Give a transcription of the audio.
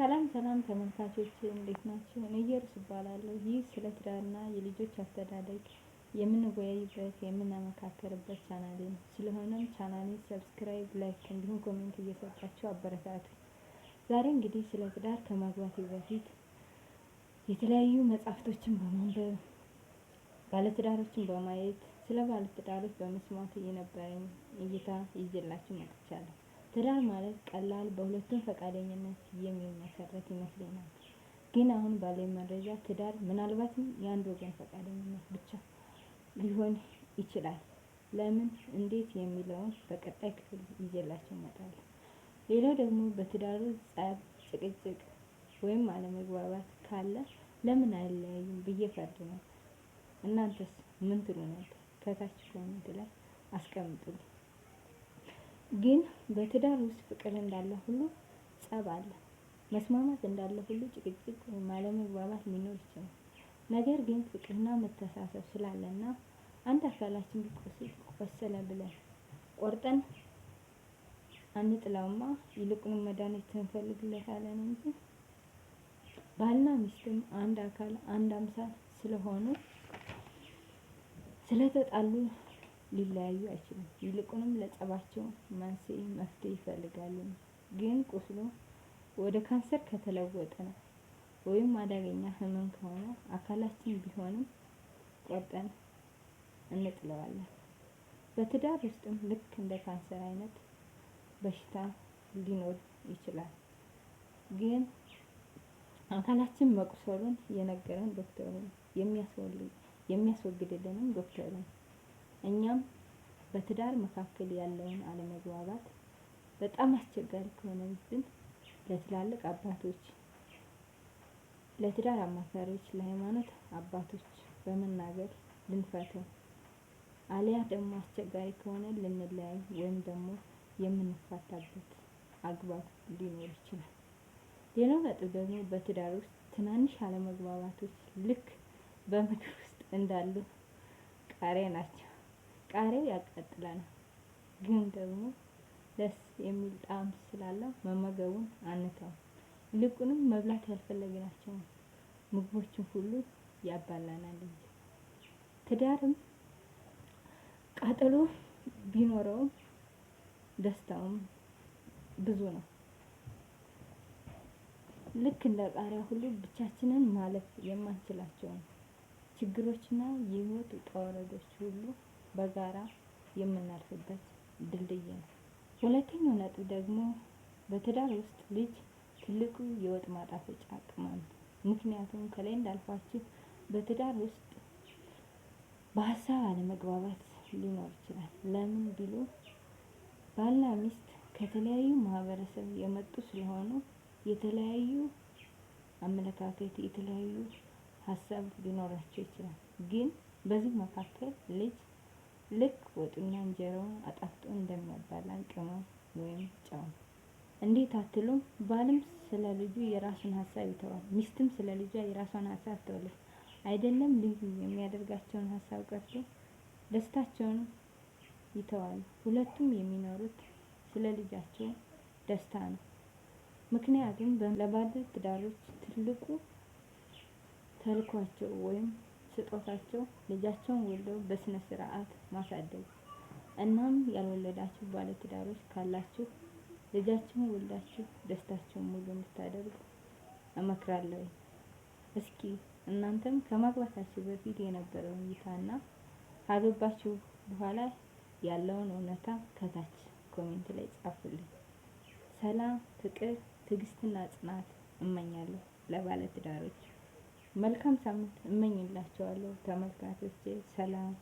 ሰላም ሰላም ተመልካቾች እንዴት ናቸው? እኔ እየሩስ እባላለሁ። ይህ ስለ ትዳርና የልጆች አስተዳደግ የምንወያይበት የምናመካከርበት ቻናሌ ነው። ስለሆነም ቻናሌ ሰብስክራይብ፣ ላይክ እንዲሁም ኮሜንት እየሰጣችሁ አበረታቱ። ዛሬ እንግዲህ ስለ ትዳር ከማግባቴ በፊት የተለያዩ መጽሐፍቶችን በማንበብ ባለትዳሮችን በማየት ስለ ባለትዳሮች በመስማት የነበረኝ እይታ ይዤላችሁ መጥቻለሁ። ትዳር ማለት ቀላል በሁለቱም ፈቃደኝነት የሚመሰረት ይመስለኛል። ግን አሁን ባለኝ መረጃ ትዳር ምናልባትም የአንድ ወገን ፈቃደኝነት ብቻ ሊሆን ይችላል። ለምን እንዴት የሚለውን በቀጣይ ክፍል ይዤላችሁ እመጣለሁ። ሌላው ደግሞ በትዳሩ ጸብ፣ ጭቅጭቅ ወይም አለመግባባት ካለ ለምን አይለያዩም ብዬ ፈርድ ነው። እናንተስ ምን ትሉ ነበር? ከታች ኮሜንት ላይ አስቀምጡልኝ። ግን በትዳር ውስጥ ፍቅር እንዳለ ሁሉ ጸብ አለ። መስማማት እንዳለ ሁሉ ጭቅጭቅ ወይም አለመግባባት ሊኖር ይችላል። ነገር ግን ፍቅርና መተሳሰብ ስላለና አንድ አካላችን ቢቆስል ቆሰለ ብለን ቆርጠን አንጥላውማ፣ ይልቁንም መድኃኒት እንፈልግለታለን እንጂ ባልና ሚስትም አንድ አካል አንድ አምሳል ስለሆኑ ስለተጣሉ ሊለያዩ አይችሉም። ይልቁንም ለጸባቸው መንስኤ መፍትሄ ይፈልጋሉ። ግን ቁስሉ ወደ ካንሰር ከተለወጠ ወይም አደገኛ ህመም ከሆነ አካላችን ቢሆንም ቆርጠን እንጥለዋለን። በትዳር ውስጥም ልክ እንደ ካንሰር አይነት በሽታ ሊኖር ይችላል። ግን አካላችን መቁሰሉን የነገረን ዶክተሩ የሚያስወግድልንም ዶክተሩ ነው። እኛም በትዳር መካከል ያለውን አለመግባባት በጣም አስቸጋሪ ከሆነብን ለትላልቅ አባቶች፣ ለትዳር አማካሪዎች፣ ለሃይማኖት አባቶች በመናገር ልንፈተው አሊያ ደግሞ አስቸጋሪ ከሆነ ልንለያይ ወይም ደግሞ የምንፋታበት አግባብ ሊኖር ይችላል። ሌላው ነጥብ ደግሞ በትዳር ውስጥ ትናንሽ አለመግባባቶች ልክ በምግብ ውስጥ እንዳሉ ቃሪያ ናቸው። ቃሪያው ያቃጥላል፣ ግን ደግሞ ደስ የሚል ጣዕም ስላለው መመገቡን አንተውም። ይልቁንም መብላት ያልፈለግናቸው ምግቦችን ሁሉ ያባላናል እንጂ። ትዳርም ቃጠሎ ቢኖረውም ደስታውም ብዙ ነው። ልክ እንደ ቃሪያ ሁሉ ብቻችንን ማለፍ የማንችላቸውን ችግሮችና የህይወት ውጣ ውረዶች ሁሉ በጋራ የምናልፍበት ድልድይ ነው። ሁለተኛው ነጥብ ደግሞ በትዳር ውስጥ ልጅ ትልቁ የወጥ ማጣፈጫ ቅመም ምክንያቱም ከላይ እንዳልኳችሁ በትዳር ውስጥ በሀሳብ አለመግባባት ሊኖር ይችላል። ለምን ቢሉ ባልና ሚስት ከተለያዩ ማህበረሰብ የመጡ ስለሆኑ የተለያዩ አመለካከት፣ የተለያዩ ሀሳብ ሊኖራቸው ይችላል። ግን በዚህ መካከል ልጅ ልክ ወጡና እንጀራውን አጣፍጦ እንደሚያባላን ቅመም ወይም ጨው እንዴት አትሉም? ባልም ስለ ልጁ የራሱን ሀሳብ ይተዋል፣ ሚስትም ስለ ልጇ የራሷን ሀሳብ ትወለች። አይደለም ልዩ የሚያደርጋቸውን ሀሳብ ቀርቶ ደስታቸውን ይተዋል። ሁለቱም የሚኖሩት ስለ ልጃቸው ደስታ ነው። ምክንያቱም ለባለ ትዳሮች ትልቁ ተልኳቸው ወይም ስጦታቸው ልጃቸውን ወልደው በስነ ስርዓት ማሳደግ። እናም ያልወለዳችሁ ባለትዳሮች ካላችሁ ልጃችሁን ወልዳችሁ ደስታችሁን ሙሉ እንድታደርጉ እመክራለሁ። እስኪ እናንተም ከማግባታችሁ በፊት የነበረውን እይታና ካገባችሁ በኋላ ያለውን እውነታ ከታች ኮሜንት ላይ ጻፉልኝ። ሰላም፣ ፍቅር፣ ትዕግስትና ጽናት እመኛለሁ ለባለትዳሮች። መልካም ሳምንት እመኝላችኋለሁ ተመልካቾቼ። ሰላም